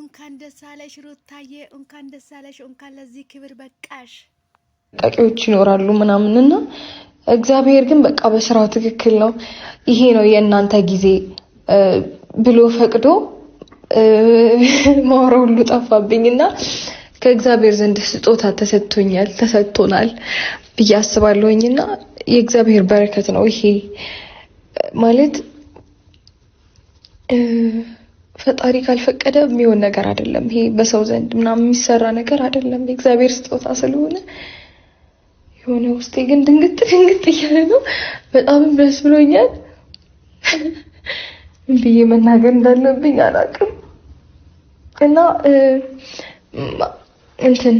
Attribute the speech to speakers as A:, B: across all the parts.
A: እንኳን ደስ አለሽ ሩታዬ፣ እንኳን ደስ አለሽ፣ እንኳን ለዚህ ክብር በቃሽ። ጠቂዎች ይኖራሉ ምናምንና እግዚአብሔር ግን በቃ በስራው ትክክል ነው፣ ይሄ ነው የእናንተ ጊዜ ብሎ ፈቅዶ ማውራ ሁሉ ጠፋብኝ እና ከእግዚአብሔር ዘንድ ስጦታ ተሰጥቶኛል ተሰጥቶናል ብዬ አስባለሁኝ እና የእግዚአብሔር በረከት ነው ይሄ ማለት ፈጣሪ ካልፈቀደ የሚሆን ነገር አይደለም። ይሄ በሰው ዘንድ ምናምን የሚሰራ ነገር አይደለም። የእግዚአብሔር ስጦታ ስለሆነ የሆነ ውስጤ ግን ድንግጥ ድንግጥ እያለ ነው። በጣም ደስ ብሎኛል። ብዬ መናገር እንዳለብኝ አላውቅም እና እንትን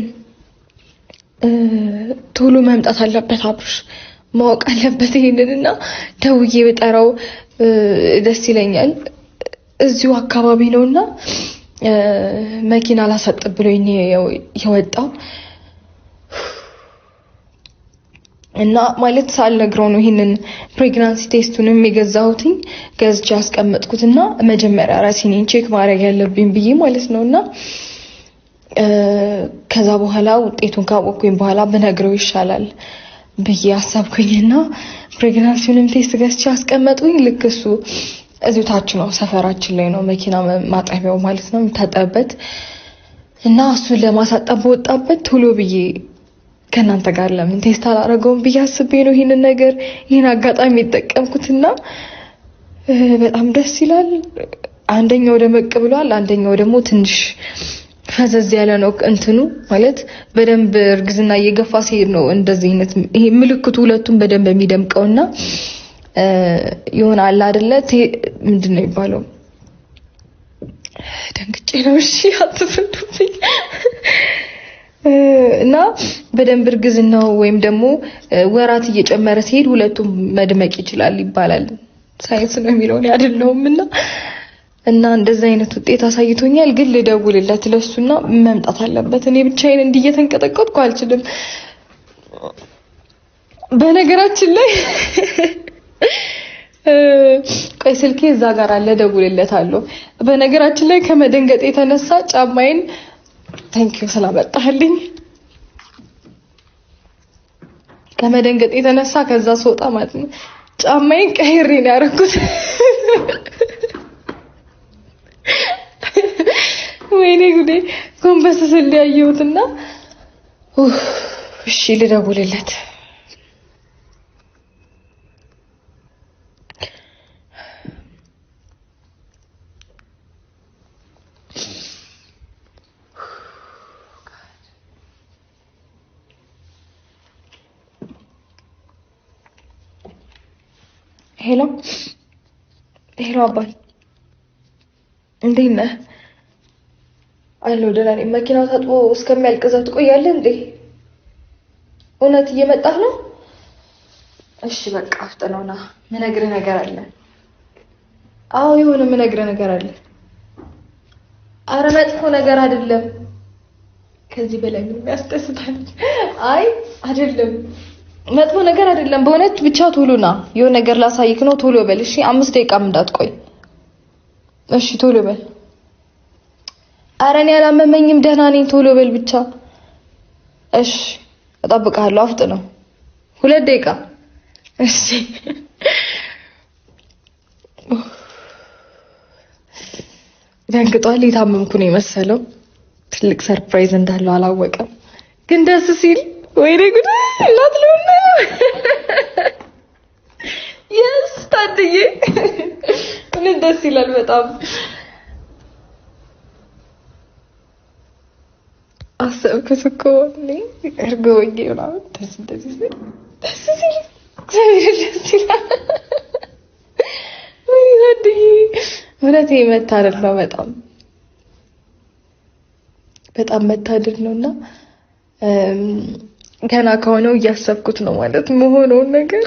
A: ቶሎ መምጣት አለበት አብሮሽ ማወቅ አለበት ይሄንን እና ደውዬ ብጠራው ደስ ይለኛል። እዚሁ አካባቢ ነው እና መኪና ላሰጥ ብሎኝ የወጣው እና ማለት ሳልነግረው ነው ይህንን ፕሬግናንሲ ቴስቱንም የገዛሁትኝ ገዝቼ ያስቀመጥኩት እና መጀመሪያ ራሴን ቼክ ማድረግ ያለብኝ ብዬ ማለት ነው እና ከዛ በኋላ ውጤቱን ካወቅኩኝ በኋላ ብነግረው ይሻላል ብዬ አሰብኩኝ እና ፕሬግናንሲውንም ቴስት ገዝቼ ያስቀመጡኝ ልክ እሱ እዚሁ ታች ነው ሰፈራችን ላይ ነው መኪና ማጠቢያው ማለት ነው የሚታጠብበት እና እሱ ለማሳጠብ በወጣበት ቶሎ ብዬ ከእናንተ ጋር ለምን ቴስት አላረገውም ብዬ አስቤ ነው ይህንን ነገር ይህን አጋጣሚ የጠቀምኩትና በጣም ደስ ይላል። አንደኛው ደመቅ ብሏል፣ አንደኛው ደግሞ ትንሽ ፈዘዝ ያለ ነው እንትኑ ማለት በደንብ እርግዝና እየገፋ ሲሄድ ነው እንደዚህ አይነት ይሄ ምልክቱ ሁለቱም በደንብ የሚደምቀውና ይሆናል አለ አይደለ ምንድን ነው የሚባለው? ደንግጬ ነው። እሺ አትፍርዱብኝ። እና በደንብ እርግዝናው ወይም ደግሞ ወራት እየጨመረ ሲሄድ ሁለቱም መድመቅ ይችላል ይባላል። ሳይንስ ነው የሚለው እኔ እና እና እንደዚህ አይነት ውጤት አሳይቶኛል። ግን ልደውልለት ለሱና መምጣት አለበት። እኔ ብቻዬን እንዲህ እየተንቀጠቀጥኩ አልችልም። በነገራችን ላይ ቆይ ስልኬ እዛ ጋር አለ፣ እደውልለታለሁ። በነገራችን ላይ ከመደንገጥ የተነሳ ጫማዬን ታንኪዩ ስላመጣልኝ ከመደንገጥ የተነሳ ከዛ ስወጣ ማለት ነው ጫማዬን ቀይሬ ነው ያደረኩት። ወይኔ ጉዴ! ጎንበስ ስል ያየሁትና እሺ ልደውልለት ሄሎ ሄሎ፣ አባይ እንዴት ነህ? አለሁ ደህና ነኝ። መኪናው ታጥቦ እስከሚያልቅ እዛ ትቆያለህ እንዴ? እውነት እየመጣህ ነው? እሺ በቃ አፍጥነው ና፣ ምነግርህ ነገር አለ። አዎ የሆነ ምነግርህ ነገር አለ። አረ መጥፎ ነገር አይደለም። ከዚህ በላይ ምን የሚያስደስታል። አይ አይደለም መጥፎ ነገር አይደለም። በእውነት ብቻ ቶሎ ና፣ የሆነ ነገር ላሳይክ ነው። ቶሎ በል እሺ፣ አምስት ደቂቃም እንዳትቆይ እሺ። ቶሎ በል። ኧረ እኔ አላመመኝም፣ ደህና ነኝ። ቶሎ በል ብቻ እሺ። እጠብቅሃለሁ። አፍጥ ነው ሁለት ደቂቃ እሺ። ደንግጧል። የታመምኩ ነው የመሰለው። ትልቅ ሰርፕራይዝ እንዳለው አላወቀም፣ ግን ደስ ሲል ወይኔ ጉድ እናት ልሆን ነው። የስ ታድዬ እውነት ደስ ይላል በጣም አሰብኩት እኮ እርጎ ወጌ ምናምን ደስ እንደዚህ ደስ ሲል እግዚአብሔር ደስ ይላል። እውነት መታደል ነው። በጣም በጣም መታደል ነው እና ገና ከሆነው እያሰብኩት ነው ማለት መሆነውን ነገር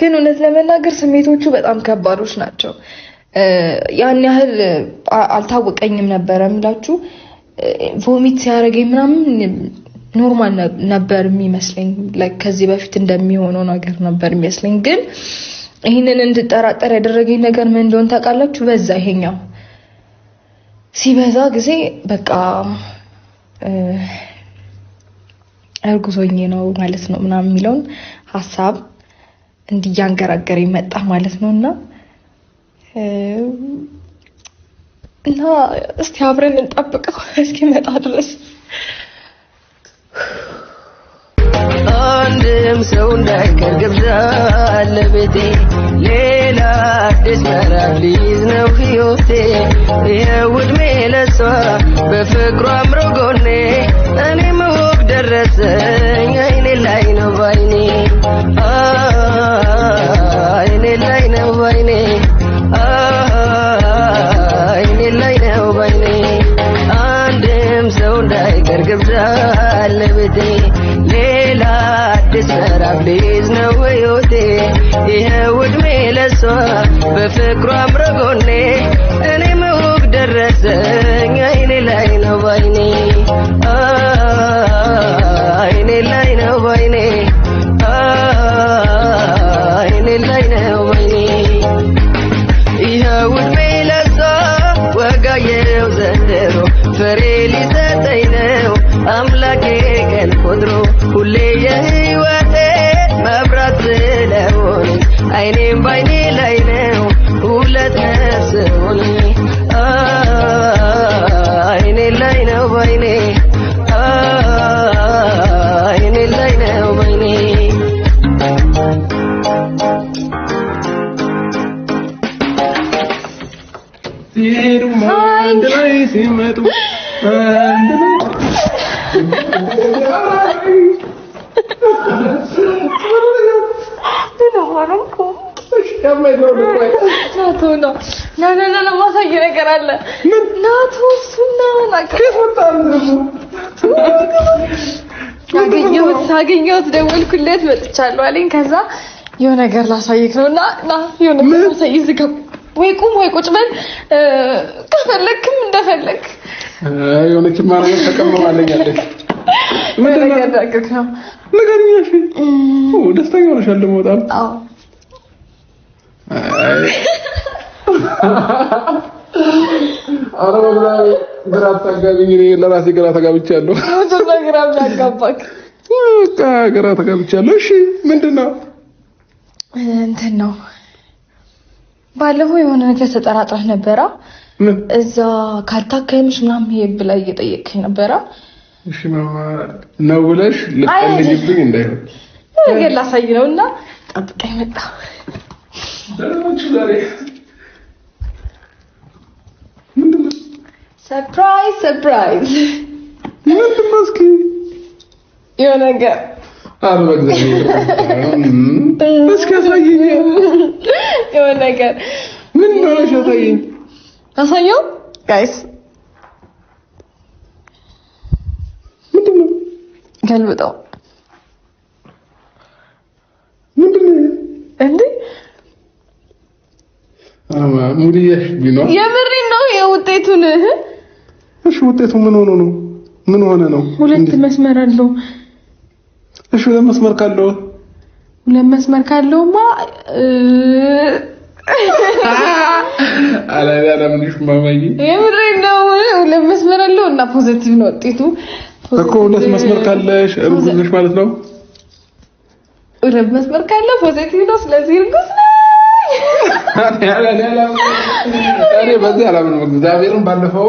A: ግን እውነት ለመናገር ስሜቶቹ በጣም ከባዶች ናቸው። ያን ያህል አልታወቀኝም ነበረ ምላችሁ ቮሚት ሲያደርገኝ ምናምን ኖርማል ነበር የሚመስለኝ። ከዚህ በፊት እንደሚሆነው ነገር ነበር የሚመስለኝ። ግን ይህንን እንድጠራጠር ያደረገኝ ነገር ምን እንደሆን ታውቃላችሁ? በዛ ይሄኛው ሲበዛ ጊዜ በቃ እርጉዞኜ ነው ማለት ነው ምናምን የሚለውን ሀሳብ እንዲያንገራገር መጣ ማለት ነው እና እና እስቲ አብረን እንጠብቀው እስኪመጣ ድረስ
B: አንድም ሰው እንዳይቀር ግብዣ ለቤቴ ሌላ አዲስ ምዕራፍ ሊይዝ ነው ሕይወቴ ይኸው ዕድሜ ለሷ በፍቅሩ አምሮ ጎኔ
A: ናቱ ነው። ና ና ና ና ነገር አለ። ናቱ እሱ ነው። ሳገኘሁት ደወልኩለት መጥቻለሁ አለኝ። ከዛ የሆነ ነገር ላሳይህ ነው እና ና የሆነ ማሳይህ እዚህ ጋር ወይ ቁም ወይ ቁጭ በል ከፈለግክም እንደፈለግ
B: የሆነ ኪማራ ተቀመማለኝ አለኝ። ምን ነገር ደስተኛ ሆነሻል ደግሞ በጣም አረ ወላሂ ግራ አታጋቢኝ። እኔ ለራሴ ግራ ተጋብቻለሁ።
A: ምንድነው ግራ የሚያጋባክ?
B: ግራ ተጋብቻለሁ። እሺ ምንድነው?
A: እንትን ነው ባለፈው የሆነ ነገር ተጠራጥረህ ነበራ። እዛ ካልታከምሽ ምናምን ይሄ ብላ እየጠየቅኝ ነበራ።
B: እሺ ነው ብለሽ ልትፈልግብኝ እንዳይሆን
A: ነገር ላሳይ ነው እና ጠብቀኝ መጣ ሰርፕራይዝ ሰርፕራይዝ
B: ምንድነው? እስኪ
A: የሆነ እስኪ የሆነ ነገር የምሬን ነው የውጤቱን
B: እሺ፣ ውጤቱ ምን ሆኖ ነው? ምን ሆነ ነው?
A: ሁለት መስመር አለው።
B: እሺ፣ ሁለት መስመር ካለው
A: ሁለት መስመር ካለውማ
B: አላዳምንሽ ማማዬ፣
A: የምሬን ነው። ሁለት መስመር አለው እና ፖዚቲቭ ነው ውጤቱ
B: እኮ። ሁለት መስመር ካለሽ እርጉዝ ነሽ ማለት ነው።
A: ሁለት መስመር ካለ ፖዚቲቭ ነው። ስለዚህ እርጉዝ ነው።
B: እኔ በዚህ አላምንም። እግዚአብሔርን ባለፈው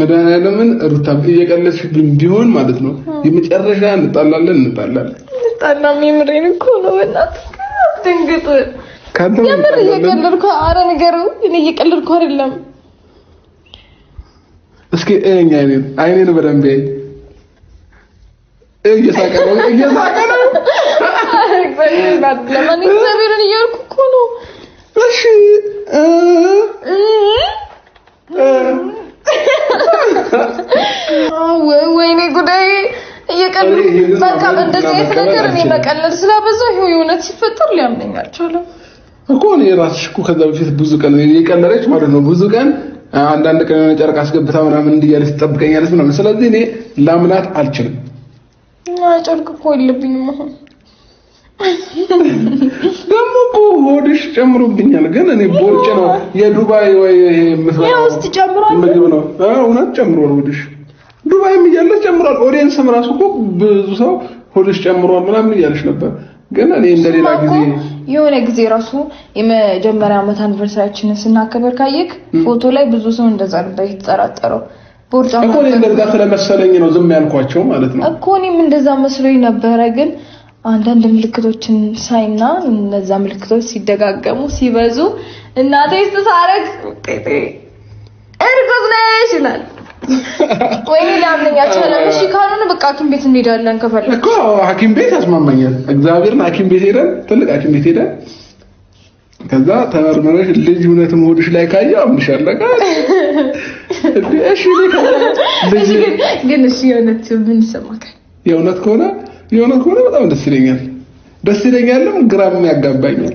B: መድኃኒዓለምን ሩታ እየቀለድሽብኝ ቢሆን ማለት ነው የመጨረሻ እንጣላለን እንጣላለን
A: እንጣላም የምሬን እኮ ነው በእናትህ አትደንግጥ የምር እየቀለድኩ አረ ነገር እኔ እየቀለድኩ አይደለም
B: እስኪ እኛ አይኔን አይኔን በደንብ ያይ እየሳቀ ነው እየሳቀ ነው
A: ለማንኛውም እያልኩ እኮ ነው እሺ ወይኔ ጉዳይ እየቀሉ በቃ እንደዚህ አይነት ነገር እኔ መቀለል ስላበዛ የእውነት ሲፈጠር ሊያምነኝ አልቻለም
B: እኮ እኔ እራስሽ እኮ ከዛ በፊት ብዙ ቀን የቀለለች ማለት ነው ብዙ ቀን አንዳንድ ቀን የሆነ ጨርቅ አስገብታ ምናምን እንዲያለች ትጠብቀኛለች ምናምን ስለዚህ እኔ ላምናት አልችልም
A: ጨርቅ እኮ የለብኝም አሁን
B: ደግሞ እኮ ሆድሽ ጨምሮብኛል። ግን እኔ ቦርጭ ነው የዱባይ ወይ ውስጥ ጨምሮ ምግብ ነው። እውነት ጨምሯል ሆድሽ። ዱባይም እያለሽ ጨምሯል። ኦዲየንስም ራሱ እኮ ብዙ ሰው ሆድሽ ጨምሯል ምናምን እያለሽ ነበር። ግን እኔ እንደሌላ ጊዜ
A: የሆነ ጊዜ ራሱ የመጀመሪያ ዓመት አኒቨርሳሪያችንን ስናከብር ካየክ ፎቶ ላይ ብዙ ሰው እንደዛ ነበር የተጠራጠረው።
B: ቦርጫ እኮ እኔ እንደዛ ስለመሰለኝ ነው ዝም ያልኳቸው ማለት ነው
A: እኮ እኔም እንደዛ መስሎኝ ነበረ ግን አንዳንድ ምልክቶችን ሳይና እነዛ ምልክቶች ሲደጋገሙ ሲበዙ እናቴ ስትሳረግ እርጉዝ ነሽ ይላል። ወይ ላምነኝ አልቻለም። እሺ ካልሆነ በቃ ሐኪም ቤት እንሄዳለን። ከፈለ
B: እኮ ሐኪም ቤት ያስማማኛል። እግዚአብሔርን ሐኪም ቤት ሄደን ትልቅ ሐኪም ቤት ሄደን ከዛ ተመርመረሽ ልጅ እውነትም ሆድሽ ላይ ካየ አምንሻለሁ።
A: እሺ ግን እሺ የእውነት ምን ይሰማካል?
B: የእውነት ከሆነ የሆነ ከሆነ በጣም ደስ ይለኛል። ደስ ይለኛልም ግራም ያጋባኛል።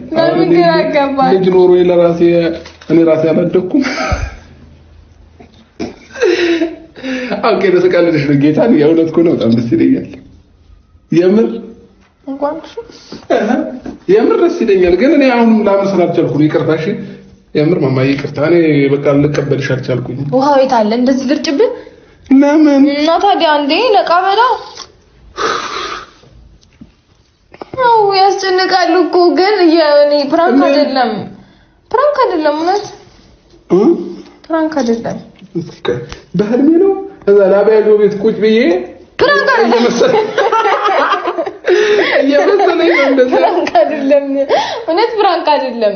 B: ልጅ ኖሮ ለራሴ እኔ ራሴ አላደኩም። አውቄ ተቀልደሽ ነው ጌታ። የእውነት ከሆነ በጣም ደስ ይለኛል። የምር የምር ደስ ይለኛል። ግን እኔ አሁን ላምን ስላልቻልኩ ይቅርታ። እሺ የምር ማማ ይቅርታ። እኔ በቃ ልቀበልሽ አልቻልኩኝ።
A: ውሃ ቤት አለ እንደዚህ ልርጭብን ለምን እና ታዲያ እንዴ ለቃበላ ነው ያስጨንቃሉ እኮ ግን የኔ ፕራንክ አይደለም፣ ፕራንክ አይደለም፣ እውነት ፕራንክ አይደለም።
B: በህልሜ ነው እዛ ላባያጆ ቤት ቁጭ ብዬ
A: ፕራንክ አይደለም
B: እየመሰለኝ ነው።
A: እውነት ፕራንክ አይደለም።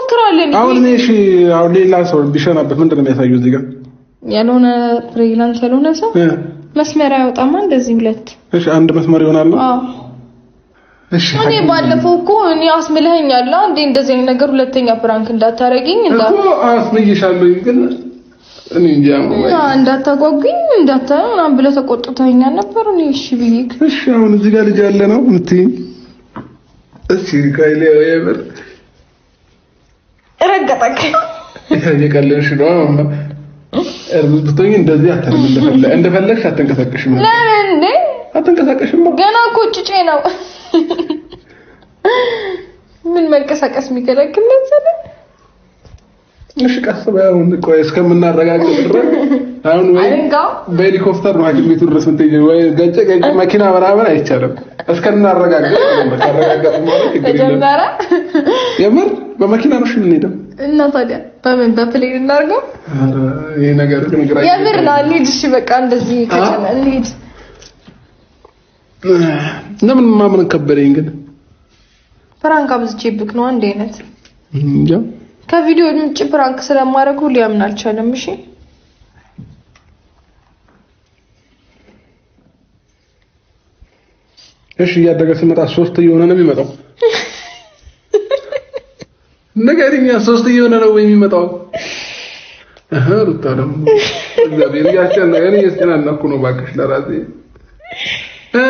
A: እንሞክረዋለን።
B: አሁን እኔ እሺ፣ አሁን ሌላ ሰው ቢሸናበት ምንድን ነው የሚያሳየው? እዚህ ጋር
A: ያልሆነ ፕሬግናንት ያልሆነ ሰው መስመር አያወጣማ። እንደዚህ ሁለት
B: እሺ፣ አንድ መስመር ይሆናል። አዎ
A: እሺ። እኔ ባለፈው እኮ እኔ አስምልኸኛል። እንዴ እንደዚህ አይነት ነገር ሁለተኛ ፕራንክ እንዳታረገኝ
B: እንዳ እኮ አስምልሻለሁ ግን
A: እንዳታጓጉኝ እንዳታ ምናምን ብለህ ተቆጥተኸኛል ነበር። እኔ እሺ ብዬሽ
B: እሺ። አሁን እዚህ ጋር ልጅ ያለ ነው የምትይኝ? እሺ
A: አስደነገጠክ?
B: እየቀለድሽ ነው። እርጉዝ እንደዚህ አትልም። እንደፈለግሽ አትንቀሳቀሽም።
A: ለምን እንዴ
B: አትንቀሳቀሽም?
A: ገና እኮ ጭጬ ነው። ምን መንቀሳቀስ የሚከለክል መሰለህ?
B: እሺ ቀስ በይ። አሁን ቆይ እስከምናረጋግጥ ድረስ አሁን ወይ በሄሊኮፕተር ነው ቤቱ ድረስ ወይ ገጭ መኪና ምናምን አይቻልም። እስከምናረጋግጥ ነው። የምር በመኪና ነው እሺ የምንሄደው
A: እና ታዲያ በምን በፕሌን እናድርገው? ይሄ ነገር የምር ነው። እንሂድ። እሺ በቃ እንደዚህ ከቻለ እንሂድ።
B: ለምን ማመን ከበደኝ። ግን
A: አብዝቼብክ ነው አንድ አይነት እንጃ። ከቪዲዮ ውጭ ፕራንክ ስለማድረግ ሁሉ አልቻለም። እሺ
B: እሺ፣ እያደገ ሲመጣ ሶስት እየሆነ ነው የሚመጣው ንገሪኛ። ሶስት እየሆነ ነው የሚመጣው። አሃ ሩታ ደግሞ እግዚአብሔር ያስጨነቀ እኔ እየተጨናነኩ ነው። እባክሽ ለራሴ እ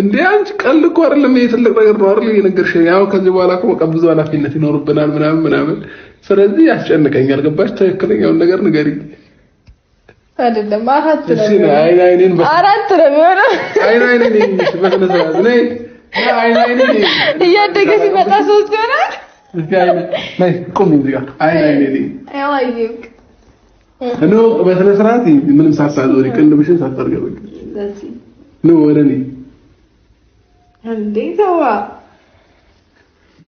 B: እንዴ አንቺ ቀልድ እኮ አይደለም። ይሄ ትልቅ ነገር ነው አይደል የነገርሽኝ። ያው ከዚህ በኋላ እኮ በቃ ብዙ ኃላፊነት ይኖርብናል ምናምን ምናምን፣ ስለዚህ ያስጨንቀኛል። ገባሽ? ትክክለኛውን ነገር ንገሪኝ።
A: አይደለም አራት
B: ነው አይኔን አይኔን
A: እያደገ ሲመጣ ሶስት ይሆናል።
B: እስኪ በስነ ስርዓት ምንም ሳሳዞሪ ቅንድብሽን ሳታርገበቅ ወደ እኔ
A: እንዴ ተዋ